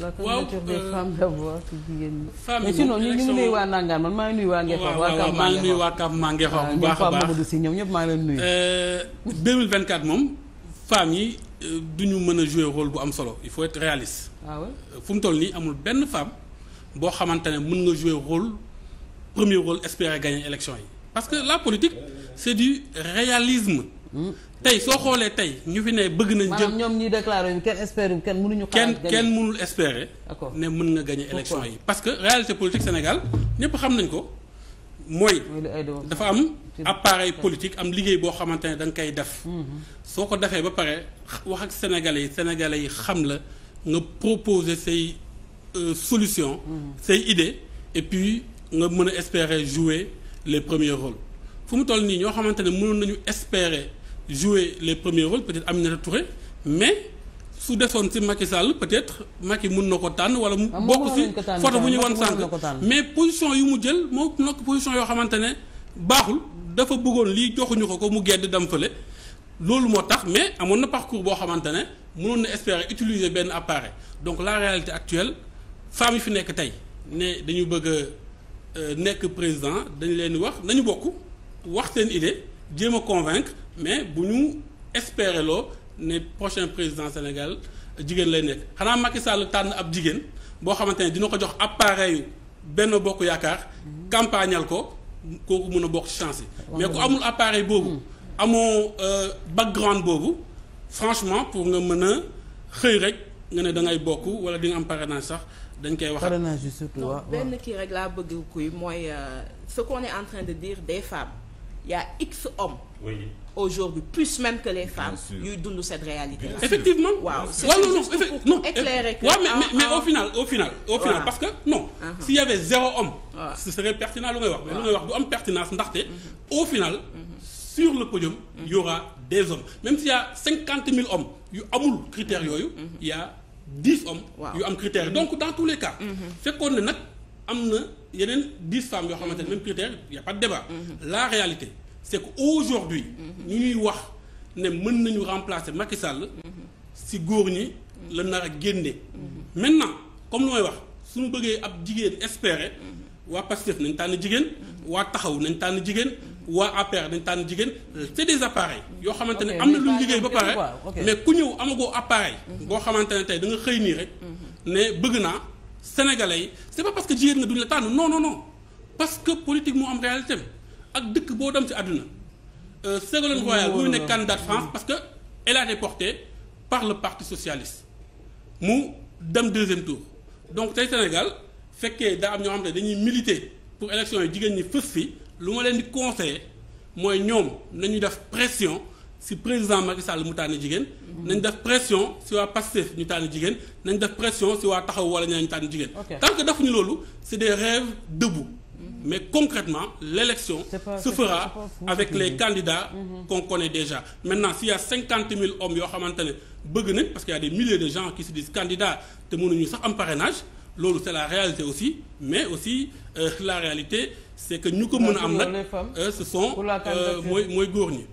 la candidature des euh, femmes d'abord ci jigéen ñi. femme yi moom ñu ngi nuyu Nangaan man maa ngi nuyu waa Ngexor. maa ngi nuyu waa Kamp maa Ngexor baax a baax ñoom ñëpp maa ngi leen nuyu. 2024 euh, moom femmes yi euh, du ñu mën a jouer rôle bu am solo il faut être réaliste. waaw ah fu mu toll nii amul benn femme boo xamante ne mën nga jouer rôle premier rôle espérer gagner élection yi parce que la politique c'est du réalisme. tey soo xoolee tey ñu fi ne bëgg nañ. jël ñoom ñuy déclaré wu kenn espérer wu kenn mënuñu. xaar kenn kenn mënul espérer. ne mën nga gagné élection yi. parce que réalité politique Sénégal ñëpp xam nañ ko mooy. dafa am appareil politique am liggéey boo xamante ne da koy def. Mhm. soo ko defee ba pare wax ak sénégalais yi sénégalais yi xam la nga proposer say euh, solution. Mhm. say idée et puis nga mën a espérer jouer les premier rôles fu mu toll nii ñoo xamante ne mënoon nañu espérer. jouer les premiers rôles peut-être na Touré mais su desoon si Macky Sall peut-être Macky mun na ko tànn wala mu ah, bokk si photo bu ñu wan sànq mais position yu mu jël moo nokk position yoo xamante ne baaxul dafa bëggoon lii joxuñu ko ko mu gedd dem fële loolu moo tax mais amoon na parcours boo xamante ne mënoon na espérer utiliser benn appareil donc la réalité actuelle femmes yi fi nekk tey ne dañu bëgg euh, nekk président dañu leen wax nañu bokk wax seen idée jéem a convaincre mais bu ñu espérer ne prochain président Sénégal jigéen lay nekk xanaa Macky Sall tànn ab jigéen boo xamante ne dina ko jox appareil benn bokk yaakaar campagnal ko kooku mun a bokk ci chance yi mais ko amul appareil boobu hmm. amoo euh, background boobu franchement pour nga mën a xëy rek nga ne da ngay bokk wala di nga am parrainage sax dañ koy wax parrainage surtout benn kii rek laa bëgg kuy mooy euh, ce qu'on est en train de dire des femmes yaa a x hommes. oui aujourd'hui plus même que les femmes. ñuy dund cette réalité là. effectivement waaw c'est juste pour éclairer que. waaw mais mais au final au final. au final parce que non. Uh-huh. s'il y avait zéro homme. ce serait pertinent lu ngay wax. mais lu ngay wax du am pertinence ndaxte. Uh-huh. au final. Uh-huh. sur le podium. y aura des hommes même s'il y cinquante mille hommes yu amul critère yooyu. y a dix hommes. yu am critères donc dans tous les cas. fekkoon ne nag. am na yeneen dix femmes yoo xamante ne même critère y a pas mm-hmm. la réalité c'est que aujourd'hui mm-hmm. ñu ñuy wax ne mën nañu remplacer Macky Sall mm-hmm. si góor ñi la nar a génne maintenant comme lu may wax suñu bëggee ab jigéen espérer waa Pastef nañ tànn jigéen waa taxaw nañ tànn jigéen waa APR nañ tànn jigéen c'est des appareils yoo xamante ne am na lu ñu liggéey ba pare mais ku ñëw amagoo appareil boo xamante ne tey da nga xëy nii rek ne bëgg naa sénégalais yi c'est pas parce que jigéen nga duñ la tànn non non non parce que politique moo am réalité ak dëkk boo dem ci àdduna. Euh, Ségolène oh, Royal bu nekk candidate France parce que elle porté par le parti socialiste mu dem deuxième tour donc tey Sénégal fekkee daa am ñoo xam ne dañuy militer pour élection yi jigéen ñi fës fi lu ma leen di conseiller mooy ñoom nañu def pression. si président Macky Sall mu tànn jigéen. nañu def pression si waa Pastef ñu tànn jigéen nañ def pression si waa taxaw wala ñaa ñu tànn jigéen. tant que defuñu loolu c'est des rêves debout. mais concrètement l'élection pas, se fera pas, avec les mhm. candidats mmh. qu'on déjà maintenant s'il y a cinquante hommes yoo xamante ne bëgg nañ parce que y a des milliers de gens qui se disent candidats te mënuñu sax am parrainage loolu c'est la réalité aussi mais aussi euh, la réalité c'est que ñu ko mën a am nag euh, ce sont euh, mooy mooy góor ñi